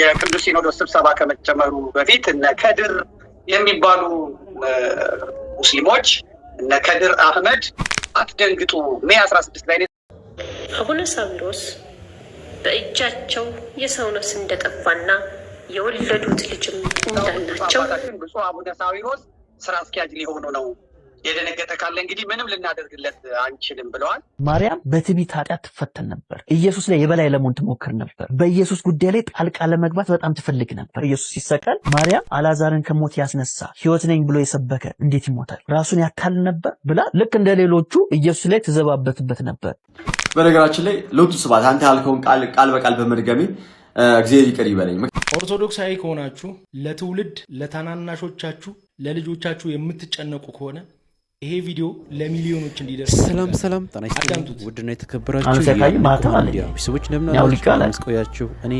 የቅዱስ ሲኖዶስ ስብሰባ ከመጀመሩ በፊት እነ ከድር የሚባሉ ሙስሊሞች እነ ከድር አህመድ አትደንግጡ ሜ አስራ ስድስት ላይ አቡነ ሳዊሮስ በእጃቸው የሰው ነፍስ እንደጠፋና የወለዱት ልጅም እንዳላቸው ብፁዕ አቡነ ሳዊሮስ ስራ አስኪያጅ ሊሆኑ ነው የደነገጠ ካለ እንግዲህ ምንም ልናደርግለት አንችልም ብለዋል። ማርያም በትዕቢት ኃጢአት ትፈተን ነበር። ኢየሱስ ላይ የበላይ ለመሆን ትሞክር ነበር። በኢየሱስ ጉዳይ ላይ ጣልቃ ለመግባት በጣም ትፈልግ ነበር። ኢየሱስ ሲሰቀል ማርያም አላዛርን ከሞት ያስነሳ ሕይወት ነኝ ብሎ የሰበከ እንዴት ይሞታል? ራሱን ያታል ነበር ብላ ልክ እንደ ሌሎቹ ኢየሱስ ላይ ትዘባበትበት ነበር። በነገራችን ላይ ለውጡ ስባት አንተ ያልከውን ቃል በቃል በመድገሜ እግዚአብሔር ይቅር ይበለኝ። ኦርቶዶክሳዊ ከሆናችሁ ለትውልድ ለታናናሾቻችሁ ለልጆቻችሁ የምትጨነቁ ከሆነ ይሄ ቪዲዮ ለሚሊዮኖች እንዲደርስ ሰላም ሰላም ጤና ይስጥልኝ። ውድና የተከበራችሁ ሰዎች እንደምናስቆያችሁ እኔ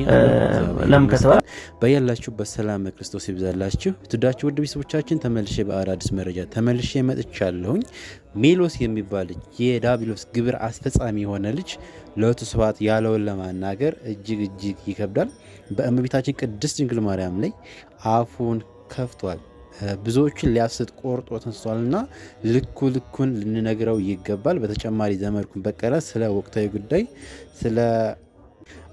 ከተባል በያላችሁበት ሰላም ክርስቶስ ይብዛላችሁ። ትዳችሁ ውድ ቤተሰቦቻችን ተመልሼ በአዳዲስ መረጃ ተመልሼ መጥቻለሁኝ። ሜሎስ የሚባል የዳቢሎስ ግብር አስፈጻሚ የሆነ ልጅ ለወቱ ስብሐት ያለውን ለማናገር እጅግ እጅግ ይከብዳል። በእመቤታችን ቅድስት ድንግል ማርያም ላይ አፉን ከፍቷል። ብዙዎችን ሊያስጥ ቆርጦ ተንስቷልና ልኩ ልኩን ልንነግረው ይገባል። በተጨማሪ ዘመድኩን በቀለ ስለ ወቅታዊ ጉዳይ ስለ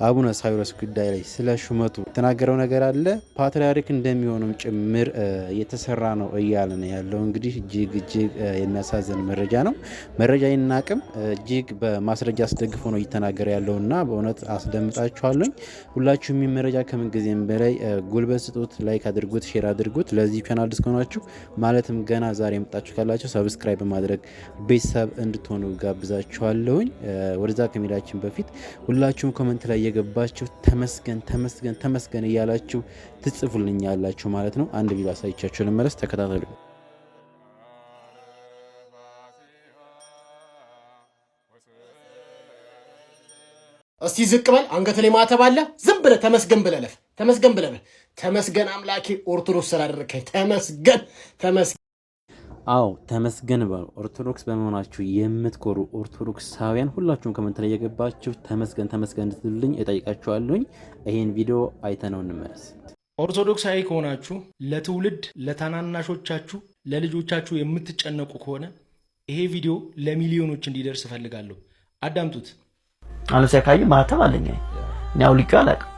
አቡነ ሳዊሮስ ጉዳይ ላይ ስለ ሹመቱ የተናገረው ነገር አለ። ፓትርያርክ እንደሚሆኑም ጭምር እየተሰራ ነው እያለ ነው ያለው። እንግዲህ እጅግ እጅግ የሚያሳዝን መረጃ ነው። መረጃ ይናቅም እጅግ በማስረጃ አስደግፎ ነው እየተናገረ ያለው እና በእውነት አስደምጣችኋለኝ። ሁላችሁም ይህ መረጃ ከምንጊዜም በላይ ጉልበት ስጡት፣ ላይክ አድርጉት፣ ሼር አድርጉት። ለዚህ ቻናል አዲስ ከሆናችሁ ማለትም ገና ዛሬ የመጣችሁ ካላችሁ ሰብስክራይብ በማድረግ ቤተሰብ እንድትሆኑ ጋብዛችኋለሁኝ። ወደዛ ከሜዳችን በፊት ሁላችሁም ኮመንት ላይ እየገባችሁ ተመስገን ተመስገን ተመስገን እያላችሁ ትጽፉልኛላችሁ ማለት ነው። አንድ ቪዲዮ አሳይቻችሁ ልመለስ፣ ተከታተሉ። እስቲ ዝቅ በል፣ አንገት ላይ ማተብ አለ። ዝም ብለህ ተመስገን ብለህ ለፍ፣ ተመስገን ብለህ ተመስገን አምላኬ ኦርቶዶክስ ስላደረከኝ ተመስገን ተመስገን አዎ ተመስገን በሉ። ኦርቶዶክስ በመሆናችሁ የምትኮሩ ኦርቶዶክሳውያን ሁላችሁም ከመንት ላይ የገባችሁ ተመስገን ተመስገን እንድትሉልኝ እጠይቃችኋለሁኝ። ይህን ቪዲዮ አይተነው እንመለስ። ኦርቶዶክሳዊ ከሆናችሁ ለትውልድ ለታናናሾቻችሁ፣ ለልጆቻችሁ የምትጨነቁ ከሆነ ይሄ ቪዲዮ ለሚሊዮኖች እንዲደርስ እፈልጋለሁ። አዳምጡት። አለሲያካይ ማህተብ አለኝ እኔ አውልቄ አላውቅም።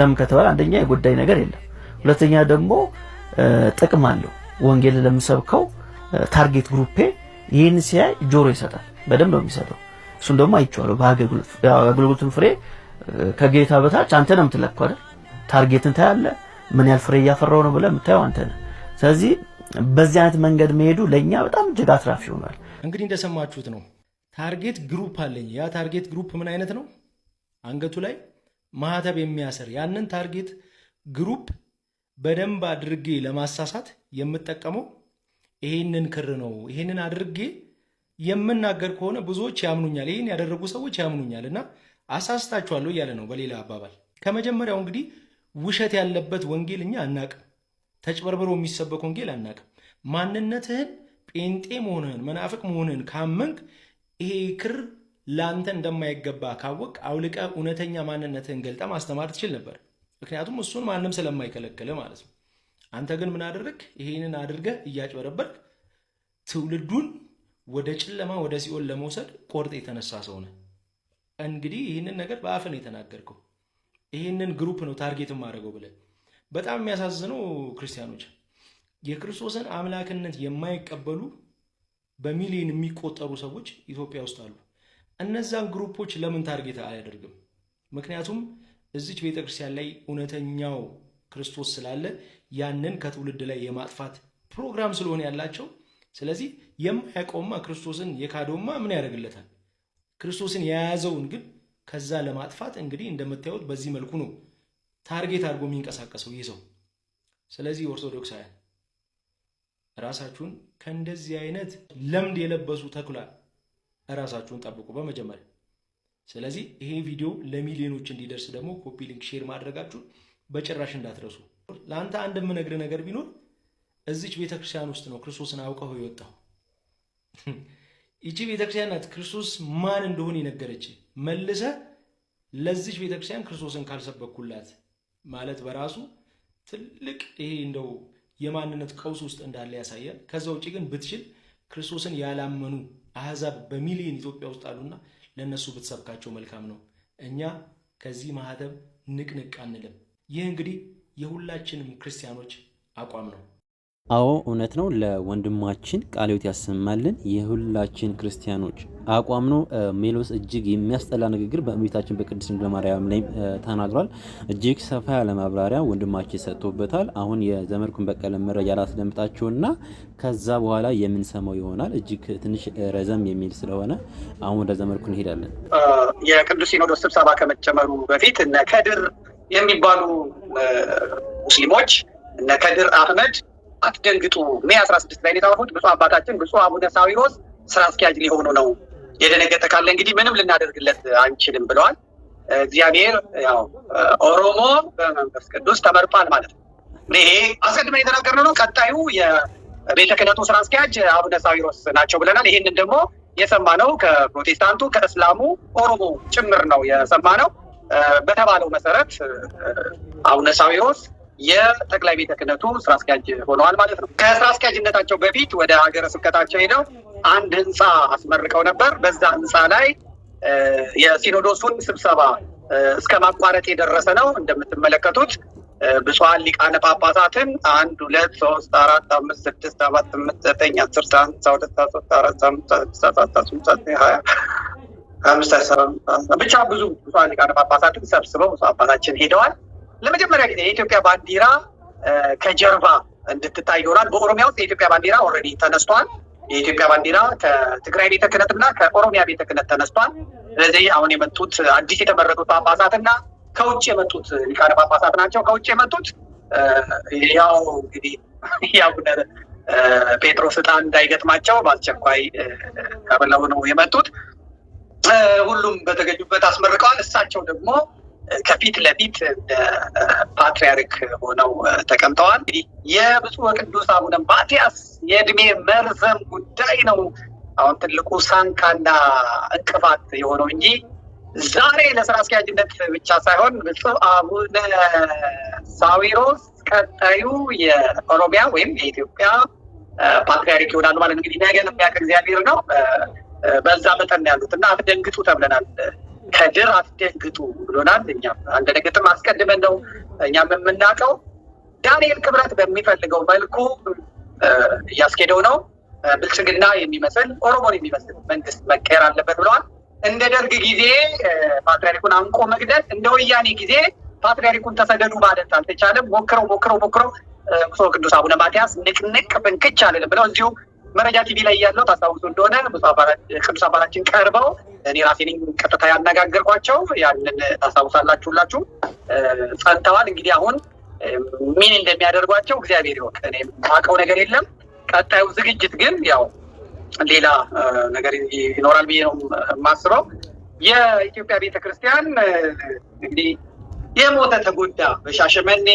ለምን ከተባለ አንደኛ የጉዳይ ነገር የለም፣ ሁለተኛ ደግሞ ጥቅም አለው ወንጌል ለምሰብከው ታርጌት ግሩፔ ይህን ሲያይ ጆሮ ይሰጣል። በደንብ ነው የሚሰጠው። እሱን ደግሞ አይቼዋለሁ። በአገልግሎቱን ፍሬ ከጌታ በታች አንተ ነው የምትለኩ አይደል? ታርጌትን ታያለህ። ምን ያህል ፍሬ እያፈራው ነው ብለህ የምታየው አንተ ነህ። ስለዚህ በዚህ አይነት መንገድ መሄዱ ለእኛ በጣም እጅግ አትራፊ ይሆናል። እንግዲህ እንደሰማችሁት ነው። ታርጌት ግሩፕ አለኝ። ያ ታርጌት ግሩፕ ምን አይነት ነው? አንገቱ ላይ ማህተብ የሚያስር ያንን ታርጌት ግሩፕ በደንብ አድርጌ ለማሳሳት የምጠቀመው ይሄንን ክር ነው። ይሄንን አድርጌ የምናገር ከሆነ ብዙዎች ያምኑኛል፣ ይህን ያደረጉ ሰዎች ያምኑኛል እና አሳስታችኋለሁ እያለ ነው። በሌላ አባባል ከመጀመሪያው እንግዲህ ውሸት ያለበት ወንጌል እኛ አናቅም። ተጭበርብሮ የሚሰበክ ወንጌል አናቅም። ማንነትህን ጴንጤ መሆንህን መናፍቅ መሆንህን ካመንክ ይሄ ክር ለአንተ እንደማይገባ ካወቅ አውልቀ እውነተኛ ማንነትህን ገልጠ ማስተማር ትችል ነበር። ምክንያቱም እሱን ማንም ስለማይከለክል ማለት ነው። አንተ ግን ምን አደረግ? ይሄንን አድርገ እያጭበረበርክ ትውልዱን ወደ ጨለማ ወደ ሲኦል ለመውሰድ ቆርጥ የተነሳ ሰው ነህ። እንግዲህ ይህንን ነገር በአፍን የተናገርከው ይህንን ግሩፕ ነው ታርጌት ማድረገው ብለህ በጣም የሚያሳዝነው ክርስቲያኖች የክርስቶስን አምላክነት የማይቀበሉ በሚሊዮን የሚቆጠሩ ሰዎች ኢትዮጵያ ውስጥ አሉ። እነዛን ግሩፖች ለምን ታርጌት አያደርግም? ምክንያቱም እዚች ቤተ ክርስቲያን ላይ እውነተኛው ክርስቶስ ስላለ ያንን ከትውልድ ላይ የማጥፋት ፕሮግራም ስለሆነ ያላቸው። ስለዚህ የማያውቀውማ ክርስቶስን የካዶማ ምን ያደርግለታል? ክርስቶስን የያዘውን ግን ከዛ ለማጥፋት እንግዲህ እንደምታዩት በዚህ መልኩ ነው ታርጌት አድርጎ የሚንቀሳቀሰው ይህ ሰው። ስለዚህ ኦርቶዶክሳውያን ራሳችሁን ከእንደዚህ አይነት ለምድ የለበሱ ተኩላ ራሳችሁን ጠብቁ በመጀመሪያ ስለዚህ ይሄን ቪዲዮ ለሚሊዮኖች እንዲደርስ ደግሞ ኮፒ ሊንክ ሼር ማድረጋችሁ በጭራሽ እንዳትረሱ። ለአንተ አንድ የምነግር ነገር ቢኖር እዚች ቤተክርስቲያን ውስጥ ነው ክርስቶስን አውቀው የወጣው። ይቺ ቤተክርስቲያን ናት ክርስቶስ ማን እንደሆነ የነገረች። መልሰ ለዚች ቤተክርስቲያን ክርስቶስን ካልሰበኩላት ማለት በራሱ ትልቅ ይሄ እንደው የማንነት ቀውስ ውስጥ እንዳለ ያሳያል። ከዛ ውጭ ግን ብትችል ክርስቶስን ያላመኑ አህዛብ በሚሊዮን ኢትዮጵያ ውስጥ አሉና ለእነሱ ብትሰብካቸው መልካም ነው። እኛ ከዚህ ማህተብ ንቅንቅ አንልም። ይህ እንግዲህ የሁላችንም ክርስቲያኖች አቋም ነው። አዎ እውነት ነው። ለወንድማችን ቃለ ሕይወት ያሰማልን የሁላችን ክርስቲያኖች አቋም ነው። ሜሎስ እጅግ የሚያስጠላ ንግግር በእመቤታችን በቅድስት ድንግል ማርያም ላይ ተናግሯል። እጅግ ሰፋ ያለ ማብራሪያ ወንድማችን ሰጥቶበታል። አሁን የዘመድኩን በቀለ መረጃ ላስደምጣችሁና ከዛ በኋላ የምንሰማው ይሆናል። እጅግ ትንሽ ረዘም የሚል ስለሆነ አሁን ወደ ዘመድኩን እንሄዳለን። የቅዱስ ሲኖዶስ ስብሰባ ከመጀመሩ በፊት እነ ከድር የሚባሉ ሙስሊሞች እነ ከድር አህመድ አትደንግጡ። ሜይ አስራ ስድስት ላይ የታወፉት ብፁዕ አባታችን ብፁዕ አቡነ ሳዊሮስ ስራ አስኪያጅ ሊሆኑ ነው። የደነገጠ ካለ እንግዲህ ምንም ልናደርግለት አንችልም ብለዋል። እግዚአብሔር ያው ኦሮሞ በመንፈስ ቅዱስ ተመርጧል ማለት ነው። ይሄ አስቀድመን የተናገርነው ነው። ቀጣዩ የቤተ ክህነቱ ስራ አስኪያጅ አቡነ ሳዊሮስ ናቸው ብለናል። ይህንን ደግሞ የሰማነው ከፕሮቴስታንቱ ከእስላሙ ኦሮሞ ጭምር ነው የሰማነው። በተባለው መሰረት አቡነ ሳዊሮስ የጠቅላይ ቤተ ክህነቱ ስራ አስኪያጅ ሆነዋል ማለት ነው። ከስራ አስኪያጅነታቸው በፊት ወደ ሀገረ ስብከታቸው ሄደው አንድ ህንፃ አስመርቀው ነበር። በዛ ህንፃ ላይ የሲኖዶሱን ስብሰባ እስከ ማቋረጥ የደረሰ ነው። እንደምትመለከቱት ብፁዓን ሊቃነ ጳጳሳትን አንድ ሁለት ሶስት አራት አምስት ስድስት ሰባት ስምንት ዘጠኝ አስር አስራ ሁለት አስራ ሶስት አራት አምስት ስድስት አስራ ስምንት ሀያ አምስት ብቻ ብዙ ብፁዓን ሊቃነ ጳጳሳትን ሰብስበው ብፁዕ አባታችን ሄደዋል። ለመጀመሪያ ጊዜ የኢትዮጵያ ባንዲራ ከጀርባ እንድትታይ ይሆናል። በኦሮሚያ ውስጥ የኢትዮጵያ ባንዲራ ኦልሬዲ ተነስቷል። የኢትዮጵያ ባንዲራ ከትግራይ ቤተ ክህነት እና ከኦሮሚያ ቤተ ክህነት ተነስቷል። ስለዚህ አሁን የመጡት አዲስ የተመረጡት ጳጳሳት እና ከውጭ የመጡት ሊቃነ ጳጳሳት ናቸው። ከውጭ የመጡት ያው እንግዲህ የአቡነ ጴጥሮስ ዕጣ እንዳይገጥማቸው በአስቸኳይ ተብለው ነው የመጡት። ሁሉም በተገኙበት አስመርቀዋል። እሳቸው ደግሞ ከፊት ለፊት ፓትሪያርክ ሆነው ተቀምጠዋል። እንግዲህ የብፁዕ ወቅዱስ አቡነ ማትያስ የእድሜ መርዘም ጉዳይ ነው አሁን ትልቁ ሳንካና እንቅፋት የሆነው እንጂ ዛሬ ለስራ አስኪያጅነት ብቻ ሳይሆን ብፁዕ አቡነ ሳዊሮስ ቀጣዩ የኦሮሚያ ወይም የኢትዮጵያ ፓትሪያርክ ይሆናሉ ማለት እንግዲህ ነገ የሚያውቅ እግዚአብሔር ነው። በዛ መጠን ያሉት እና አትደንግጡ ተብለናል። ከድር አትደንግጡ ብሎናል። እኛም አንደነግጥም። አስቀድመን ነው እኛም የምናውቀው። ዳንኤል ክብረት በሚፈልገው መልኩ እያስኬደው ነው። ብልጽግና የሚመስል ኦሮሞን የሚመስል መንግስት መቀየር አለበት ብለዋል። እንደ ደርግ ጊዜ ፓትሪያሪኩን አንቆ መግደል፣ እንደ ወያኔ ጊዜ ፓትሪያሪኩን ተሰደዱ ማለት አልተቻለም። ሞክረው ሞክረው ሞክረው ብፁዕ ቅዱስ አቡነ ማትያስ ንቅንቅ ብንክች አልልም ብለው እዚሁ መረጃ ቲቪ ላይ ያለው ታስታውሱ እንደሆነ ቅዱስ አባታችን ቀርበው እኔ ራሴ ቀጥታ ያነጋገርኳቸው። ያንን ታስታውሳላችሁ ጸንተዋል። እንግዲህ አሁን ምን እንደሚያደርጓቸው እግዚአብሔር ይወቅ። እኔ የማውቀው ነገር የለም። ቀጣዩ ዝግጅት ግን ያው ሌላ ነገር ይኖራል ብዬ ነው የማስበው። የኢትዮጵያ ቤተክርስቲያን እንግዲህ የሞተ ተጎዳ በሻሸመኔ፣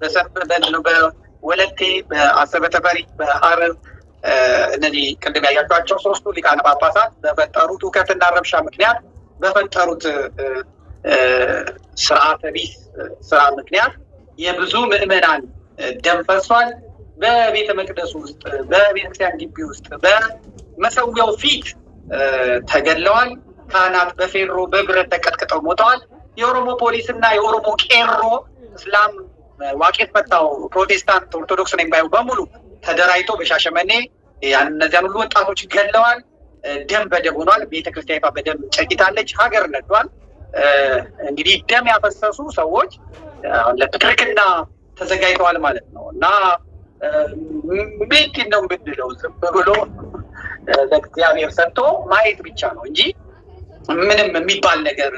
በወለቴ፣ በአሰበ ተፈሪ፣ በአረብ እነዚህ ቅድም ያያቸዋቸው ሶስቱ ሊቃነ ጳጳሳት በፈጠሩት እውከትና ረብሻ ምክንያት በፈጠሩት ስርአተ ቢስ ስራ ምክንያት የብዙ ምእመናን ደም ፈሷል። በቤተ መቅደሱ ውስጥ፣ በቤተክርስቲያን ግቢ ውስጥ፣ በመሰዊያው ፊት ተገድለዋል። ካህናት በፌሮ በብረት ተቀጥቅጠው ሞተዋል። የኦሮሞ ፖሊስ እና የኦሮሞ ቄሮ እስላም ዋቄት ፈታው ፕሮቴስታንት ኦርቶዶክስ ነው የሚባየው በሙሉ ተደራጅቶ በሻሸመኔ እነዚያን ሁሉ ወጣቶች ገለዋል። ደም በደም ሆኗል። ቤተክርስቲያኒቷ በደም ጨቂታለች። ሀገር ነዷል። እንግዲህ ደም ያፈሰሱ ሰዎች ለፕትርክና ተዘጋጅተዋል ማለት ነው እና ምንድን ነው ምንድለው ዝም ብሎ ለእግዚአብሔር ሰጥቶ ማየት ብቻ ነው እንጂ ምንም የሚባል ነገር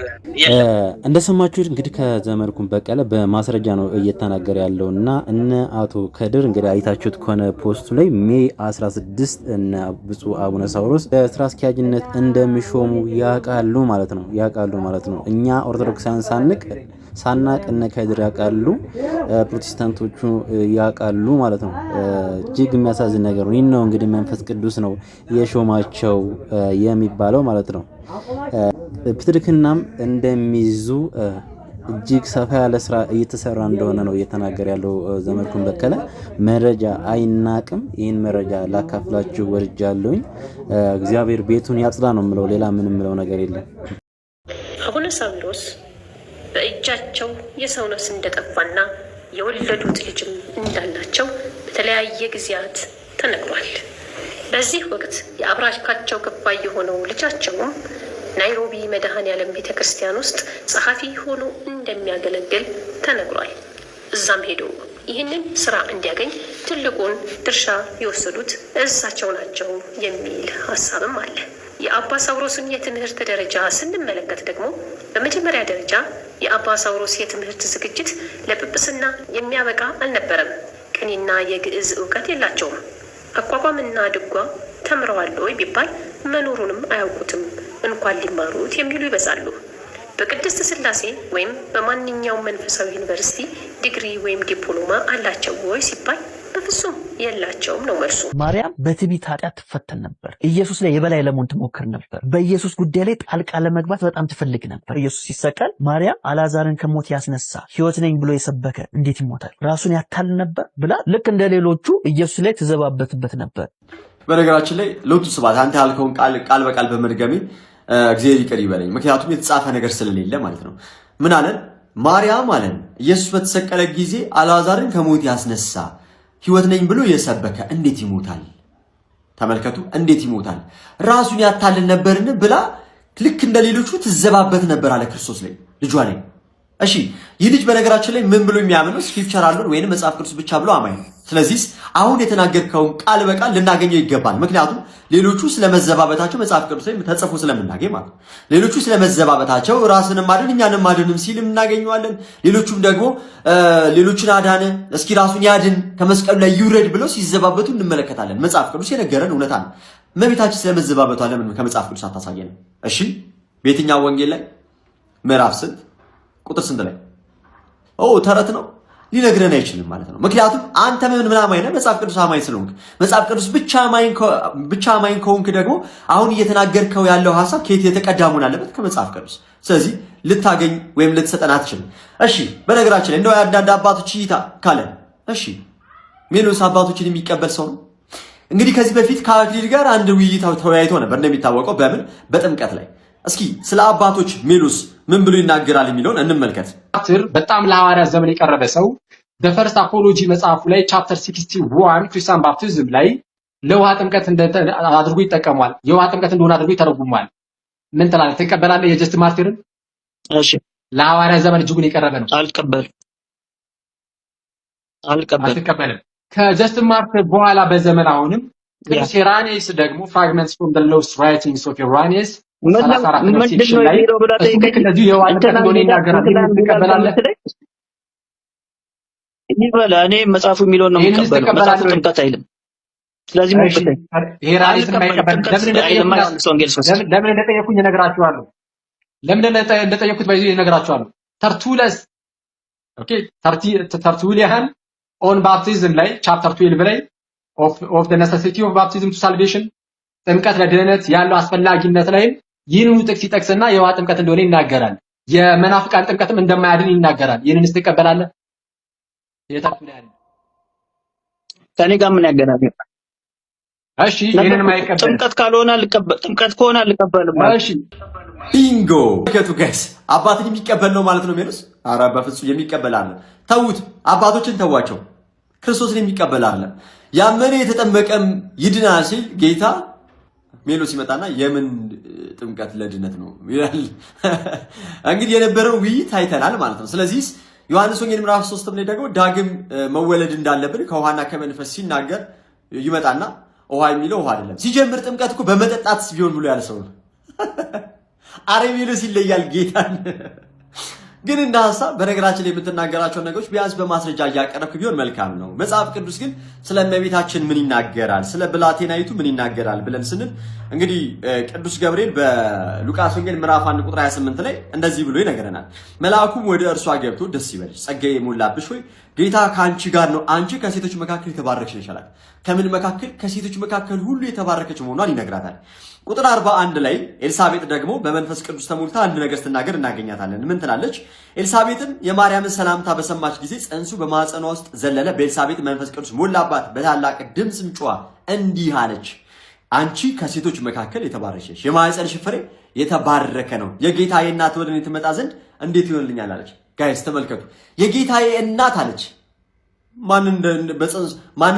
እንደሰማችሁት እንግዲህ ከዘመድኩን በቀለ በማስረጃ ነው እየተናገረ ያለው እና እነ አቶ ከድር እንግዲህ አይታችሁት ከሆነ ፖስቱ ላይ ሜይ 16 እነ ብፁዕ አቡነ ሳውሮስ ለስራ አስኪያጅነት እንደሚሾሙ ያውቃሉ ማለት ነው ያውቃሉ ማለት ነው። እኛ ኦርቶዶክሳን ሳንቅ ሳናቅ እነ ከድር ያውቃሉ፣ ፕሮቴስታንቶቹ ያውቃሉ ማለት ነው። እጅግ የሚያሳዝን ነገር ነው። ይህ ነው እንግዲህ መንፈስ ቅዱስ ነው የሾማቸው የሚባለው ማለት ነው። ፕትርክናም እንደሚይዙ እጅግ ሰፋ ያለ ስራ እየተሰራ እንደሆነ ነው እየተናገር ያለው ዘመድኩን በቀለ። መረጃ አይናቅም። ይህን መረጃ ላካፍላችሁ ወድጃለሁኝ። እግዚአብሔር ቤቱን ያጽዳ ነው የምለው፣ ሌላ ምን የምለው ነገር የለም። አቡነ ሳዊሮስ በእጃቸው የሰው ነፍስ እንደጠፋና የወለዱት ልጅም እንዳላቸው በተለያየ ጊዜያት ተነግሯል። በዚህ ወቅት የአብራካቸው ክፋይ የሆነው ልጃቸውም ናይሮቢ መድኃኔዓለም ቤተ ክርስቲያን ውስጥ ጸሐፊ ሆኖ እንደሚያገለግል ተነግሯል። እዛም ሄዶ ይህንን ስራ እንዲያገኝ ትልቁን ድርሻ የወሰዱት እሳቸው ናቸው የሚል ሀሳብም አለ። የአባ ሳውሮስን የትምህርት ደረጃ ስንመለከት ደግሞ በመጀመሪያ ደረጃ የአባ ሳውሮስ የትምህርት ዝግጅት ለጵጵስና የሚያበቃ አልነበረም። ቅኔና የግዕዝ እውቀት የላቸውም። አቋቋምና ድጓ ተምረዋል ወይ ቢባል መኖሩንም አያውቁትም። እንኳን ሊማሩት የሚሉ ይበዛሉ። በቅድስት ስላሴ ወይም በማንኛውም መንፈሳዊ ዩኒቨርሲቲ ዲግሪ ወይም ዲፕሎማ አላቸው ወይ ሲባል በፍጹም የላቸውም ነው መልሱ። ማርያም በትዕቢት ኃጢአት ትፈተን ነበር። ኢየሱስ ላይ የበላይ ለመሆን ትሞክር ነበር። በኢየሱስ ጉዳይ ላይ ጣልቃ ለመግባት በጣም ትፈልግ ነበር። ኢየሱስ ሲሰቀል ማርያም አላዛርን ከሞት ያስነሳ ሕይወት ነኝ ብሎ የሰበከ እንዴት ይሞታል? ራሱን ያታል ነበር ብላ ልክ እንደ ሌሎቹ ኢየሱስ ላይ ትዘባበትበት ነበር። በነገራችን ላይ ለውጡ ስባት አንተ ያልከውን ቃል በቃል በመድገሜ እግዚአብሔር ይቅር ይበለኝ፣ ምክንያቱም የተጻፈ ነገር ስለሌለ ማለት ነው። ምን አለን? ማርያም አለን ኢየሱስ በተሰቀለ ጊዜ አልዓዛርን ከሞት ያስነሳ ሕይወት ነኝ ብሎ የሰበከ እንዴት ይሞታል? ተመልከቱ፣ እንዴት ይሞታል? ራሱን ያታልን ነበርን ብላ ልክ እንደ ሌሎቹ ትዘባበት ነበር አለ ክርስቶስ ላይ ልጇ ላይ እሺ ይህ ልጅ በነገራችን ላይ ምን ብሎ የሚያምነው ስክሪፕቸር አሉን ወይም መጽሐፍ ቅዱስ ብቻ ብሎ አማኝ ነው። ስለዚህ አሁን የተናገርከውን ቃል በቃል ልናገኘው ይገባል። ምክንያቱም ሌሎቹ ስለመዘባበታቸው መጽሐፍ ቅዱስ ላይ ተጽፎ ስለምናገኝ ማለት ነው። ሌሎቹ ስለመዘባበታቸው ራስንም አድን እኛንም አድንም ሲል እናገኘዋለን። ሌሎቹም ደግሞ ሌሎችን አዳነ እስኪ ራሱን ያድን ከመስቀሉ ላይ ይውረድ ብለው ሲዘባበቱ እንመለከታለን። መጽሐፍ ቅዱስ የነገረን እውነታ ነው። እመቤታችን ስለመዘባበቷ ለምን ከመጽሐፍ ቅዱስ አታሳየንም? እሺ በየትኛው ወንጌል ላይ ምዕራፍ ስንት ቁጥር ስንት ላይ ተረት ነው ሊነግረን አይችልም ማለት ነው። ምክንያቱም አንተ ምን ምን አማኝ ነህ? መጽሐፍ ቅዱስ አማኝ ስለሆንክ መጽሐፍ ቅዱስ ብቻ አማኝ ከሆንክ ደግሞ አሁን እየተናገርከው ያለው ሀሳብ ከየት የተቀዳ መሆን አለበት? ከመጽሐፍ ቅዱስ። ስለዚህ ልታገኝ ወይም ልትሰጠን አትችልም። እሺ፣ በነገራችን ላይ እንደው አንዳንድ አባቶች እይታ ካለ እሺ፣ ሜሎስ አባቶችን የሚቀበል ሰው ነው። እንግዲህ ከዚህ በፊት ከአክሊል ጋር አንድ ውይይት ተወያይቶ ነበር እንደሚታወቀው በምን በጥምቀት ላይ እስኪ ስለ አባቶች ሜሎስ ምን ብሎ ይናገራል የሚለውን እንመልከት። ቻፕተር በጣም ለሐዋርያት ዘመን የቀረበ ሰው በፈርስት አፖሎጂ መጽሐፉ ላይ ቻፕተር 61 ክርስቲያን ባፕቲዝም ላይ ለውሃ ጥምቀት አድርጎ ይጠቀሟል። የውሃ ጥምቀት እንደሆነ አድርጎ ይተረጉሟል። ምን ትላለህ? ትቀበላለህ? የጀስት ማርቲርን እሺ። ለሐዋርያት ዘመን እጅጉን የቀረበ ነው። አልቀበል አልቀበልም። ከጀስት ማርቲር በኋላ በዘመን አሁንም ቅዱስ ኢራኔስ ደግሞ ፍራግመንትስ ፍሮም ዘ ሎስት ራይቲንግስ ኦፍ ኢራኔስ ይበላ እኔ መጽሐፉ የሚለውን ነው የምቀበለው። መጽሐፉ ጥምቀት አይልም። ስለዚህ ለምን እንደጠየኩኝ እነግራችኋለሁ። ለምን እንደጠየኩት ባይዙ እነግራችኋለሁ። ተርቱለስ ኦኬ፣ ተርቱሊያን ኦን ባፕቲዝም ላይ ቻፕተር 12 ላይ ኦፍ ኦፍ ዘ ነሰሲቲ ኦፍ ባፕቲዝም ቱ ሳልቬሽን ጥምቀት ለድህነት ያለው አስፈላጊነት ላይ ይህንኑ ጥቅስ ይጠቅስና የውሃ ጥምቀት እንደሆነ ይናገራል። የመናፍቃን ጥምቀትም እንደማያድን ይናገራል። ይህንንስ ትቀበላለህ? ከኔ ጋር ምን ያገናኛል? እሺ ይህንን ማይቀበል ጥምቀት ካልሆነ አልቀበል፣ ጥምቀት ከሆነ አልቀበልም። እሺ ቢንጎ ከቱ ጋይስ አባትን የሚቀበል ነው ማለት ነው ሜሎስ? አረ በፍጹም የሚቀበል አለ። ተዉት፣ አባቶችን ተዋቸው። ክርስቶስን የሚቀበል አለ። ያመነ የተጠመቀም ይድናል ሲል ጌታ ሜሎስ ይመጣና የምን ጥምቀት ለድነት ነው ይላል። እንግዲህ የነበረው ውይይት አይተናል ማለት ነው። ስለዚህ ዮሐንስ ወንጌል ምዕራፍ ሶስትም ላይ ደግሞ ዳግም መወለድ እንዳለብን ከውሃና ከመንፈስ ሲናገር ይመጣና ውሃ የሚለው ውሃ አይደለም ሲጀምር ጥምቀት እኮ በመጠጣት ቢሆን ብሎ ያለ ሰው ነው። አረ የሚለው ሲለያል ጌታን ግን እንደ ሀሳብ በነገራችን ላይ የምትናገራቸውን ነገሮች ቢያንስ በማስረጃ እያቀረብክ ቢሆን መልካም ነው። መጽሐፍ ቅዱስ ግን ስለ እመቤታችን ምን ይናገራል፣ ስለ ብላቴናይቱ ምን ይናገራል ብለን ስንል እንግዲህ ቅዱስ ገብርኤል በሉቃስ ወንጌል ምዕራፍ 1 ቁጥር 28 ላይ እንደዚህ ብሎ ይነግረናል። መልአኩም ወደ እርሷ ገብቶ ደስ ይበልሽ፣ ጸጋ የሞላብሽ ሆይ ጌታ ከአንቺ ጋር ነው። አንቺ ከሴቶች መካከል የተባረክሽ ነሽ አላት። ከምን መካከል? ከሴቶች መካከል ሁሉ የተባረከች መሆኗን ይነግራታል። ቁጥር 41 ላይ ኤልሳቤጥ ደግሞ በመንፈስ ቅዱስ ተሞልታ አንድ ነገር ስትናገር እናገኛታለን። ምን ትላለች? ኤልሳቤጥም የማርያምን ሰላምታ በሰማች ጊዜ ጽንሱ በማኅፀኗ ውስጥ ዘለለ፣ በኤልሳቤጥ መንፈስ ቅዱስ ሞላባት፣ በታላቅ ድምፅም ጮኻ እንዲህ አለች አንቺ ከሴቶች መካከል የተባረክሽ ነሽ፣ የማኅፀንሽ ፍሬ የተባረከ ነው። የጌታ የእናት ወደ እኔ ትመጣ ዘንድ እንዴት ይሆንልኛል? አለች። ጋይስ ተመልከቱ። የጌታዬ እናት አለች። ማን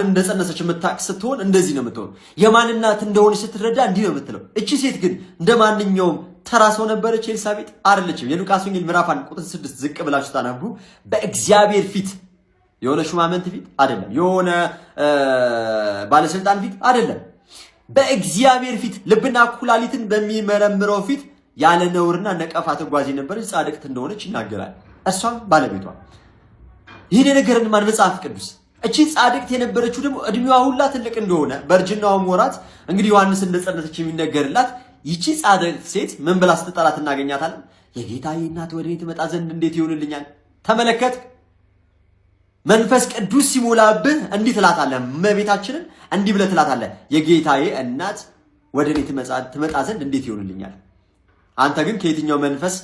እንደጸነሰች የምታውቅ ስትሆን እንደዚህ ነው የምትሆን። የማን እናት እንደሆነች ስትረዳ እንዲህ ነው የምትለው። እቺ ሴት ግን እንደ ማንኛውም ተራ ሰው ነበረች። ኤልሳቤጥ አይደለችም። የሉቃስ ወንጌል ምዕራፍ አንድ ቁጥር ስድስት ዝቅ ብላችሁ ታነቡ። በእግዚአብሔር ፊት የሆነ ሹማምንት ፊት አይደለም፣ የሆነ ባለስልጣን ፊት አይደለም። በእግዚአብሔር ፊት ልብና ኩላሊትን በሚመረምረው ፊት ያለ ነውርና ነቀፋ ተጓዥ ነበረች። ጻድቅት እንደሆነች ይናገራል። እሷም ባለቤቷ። ይህን የነገረን ማን? መጽሐፍ ቅዱስ። እቺ ጻድቅት የነበረችው ደግሞ እድሜዋ ሁላ ትልቅ እንደሆነ በእርጅናውም ወራት እንግዲህ ዮሐንስ እንደጸነተች የሚነገርላት ይቺ ጻድቅት ሴት ምን ብላ ስትጠራት እናገኛታለን? የጌታዬ እናት ወደ እኔ ትመጣ ዘንድ እንዴት ይሆንልኛል? ተመለከት መንፈስ ቅዱስ ሲሞላብህ እንዲህ ትላታለህ። እመቤታችንን እንዲህ ብለህ ትላታለህ፣ የጌታዬ እናት ወደ እኔ ትመጣ ዘንድ እንዴት ይሆንልኛል? አንተ ግን ከየትኛው መንፈስ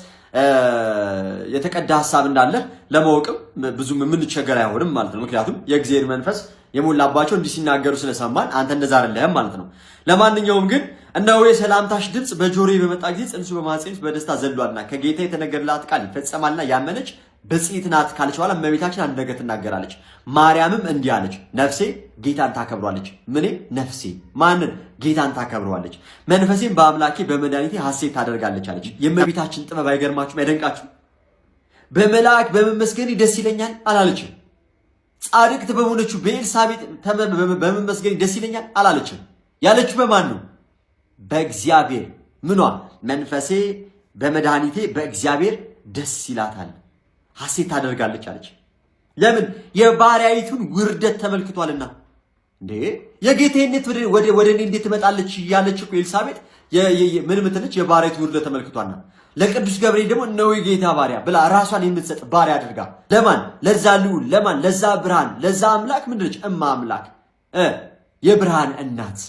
የተቀዳ ሀሳብ እንዳለ ለማወቅም ብዙም የምንቸገር አይሆንም ማለት ነው። ምክንያቱም የእግዚአብሔር መንፈስ የሞላባቸው እንዲህ ሲናገሩ ስለሰማን አንተ እንደዛ አይደለህም ማለት ነው። ለማንኛውም ግን እነሆ የሰላምታሽ ድምፅ በጆሮዬ በመጣ ጊዜ ጽንሱ በማኅፀንሽ በደስታ ዘሏልና ከጌታ የተነገረላት ቃል ይፈጸማልና ያመነች ብፅዕት ናት ካለች በኋላ እመቤታችን አንድ ነገር ትናገራለች። ማርያምም እንዲህ አለች፣ ነፍሴ ጌታን ታከብሯለች። ምኔ ነፍሴ ማንን? ጌታን ታከብረዋለች። መንፈሴም በአምላኬ በመድኃኒቴ ሐሴት ታደርጋለች አለች። የእመቤታችን ጥበብ አይገርማችሁም? አይደንቃችሁ? በመላእክ በመመስገን ደስ ይለኛል አላለችም። ጻድቅት በሆነችው በኤልሳቤጥ በመመስገን ደስ ይለኛል አላለችም። ያለችው በማን ነው? በእግዚአብሔር ምኗ መንፈሴ በመድኃኒቴ በእግዚአብሔር ደስ ይላታል። ሐሴት ታደርጋለች አለች። ለምን የባሪያይቱን ውርደት ተመልክቷልና። እንዴ የጌቴነት ወደ እኔ እንዴት ትመጣለች እያለች እኮ ኤልሳቤጥ ምን ምትለች? የባሪያይቱ ውርደት ተመልክቷልና። ለቅዱስ ገብርኤል ደግሞ እነሆ የጌታ ባሪያ ብላ ራሷን የምትሰጥ ባሪያ አድርጋ ለማን? ለዛ ልዑል ለማን? ለዛ ብርሃን ለዛ አምላክ ምንድነች? እማ አምላክ የብርሃን እናት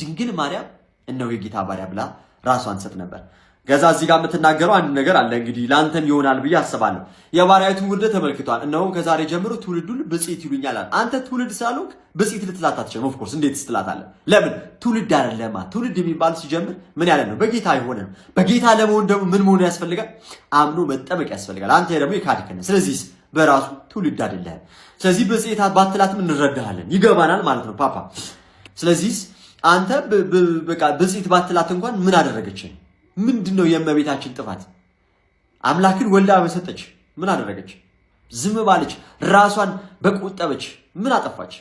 ድንግል ማርያም እነሆ የጌታ ባሪያ ብላ ራሷን ሰጥ ነበር። ገዛ እዚህ ጋር የምትናገረው አንድ ነገር አለ። እንግዲህ ለአንተም ይሆናል ብዬ አስባለሁ። የባሪያዊቱን ውርደት ተመልክቷል። እነሆም ከዛሬ ጀምሮ ትውልዱን ብጽት ይሉኛል አለ። አንተ ትውልድ ስላልሆንክ ብጽት ልትላት አትችልም። ኦፍኮርስ እንዴት ስትላታለህ? ለምን ትውልድ አይደለማ። ትውልድ የሚባል ሲጀምር ምን ያለ ነው? በጌታ የሆነ ነው። በጌታ ለመሆን ደግሞ ምን መሆኑ ያስፈልጋል? አምኖ መጠመቅ ያስፈልጋል። አንተ ደግሞ የካድክነ ስለዚህ በራሱ ትውልድ አይደለህም። ስለዚህ ብፅዕት ባትላትም እንረዳሃለን፣ ይገባናል ማለት ነው ፓፓ። ስለዚህ አንተ ብጽት ባትላት እንኳን ምን አደረገችን? ምንድን ነው የእመቤታችን ጥፋት? አምላክን ወልዳ በሰጠች ምን አደረገች? ዝም ባለች፣ ራሷን በቆጠበች ምን አጠፋች?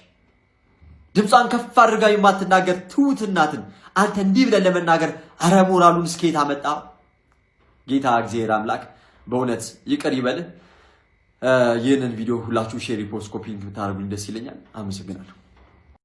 ድምጿን ከፍ አድርጋ የማትናገር ትሁት እናትን አንተ እንዲህ ብለን ለመናገር አረ ሞራሉን እስከየት አመጣ? ጌታ እግዚአብሔር አምላክ በእውነት ይቅር ይበልህ። ይህንን ቪዲዮ ሁላችሁ ሼሪ ፖስት ኮፒ ብታደርጉኝ ደስ ይለኛል። አመሰግናለሁ።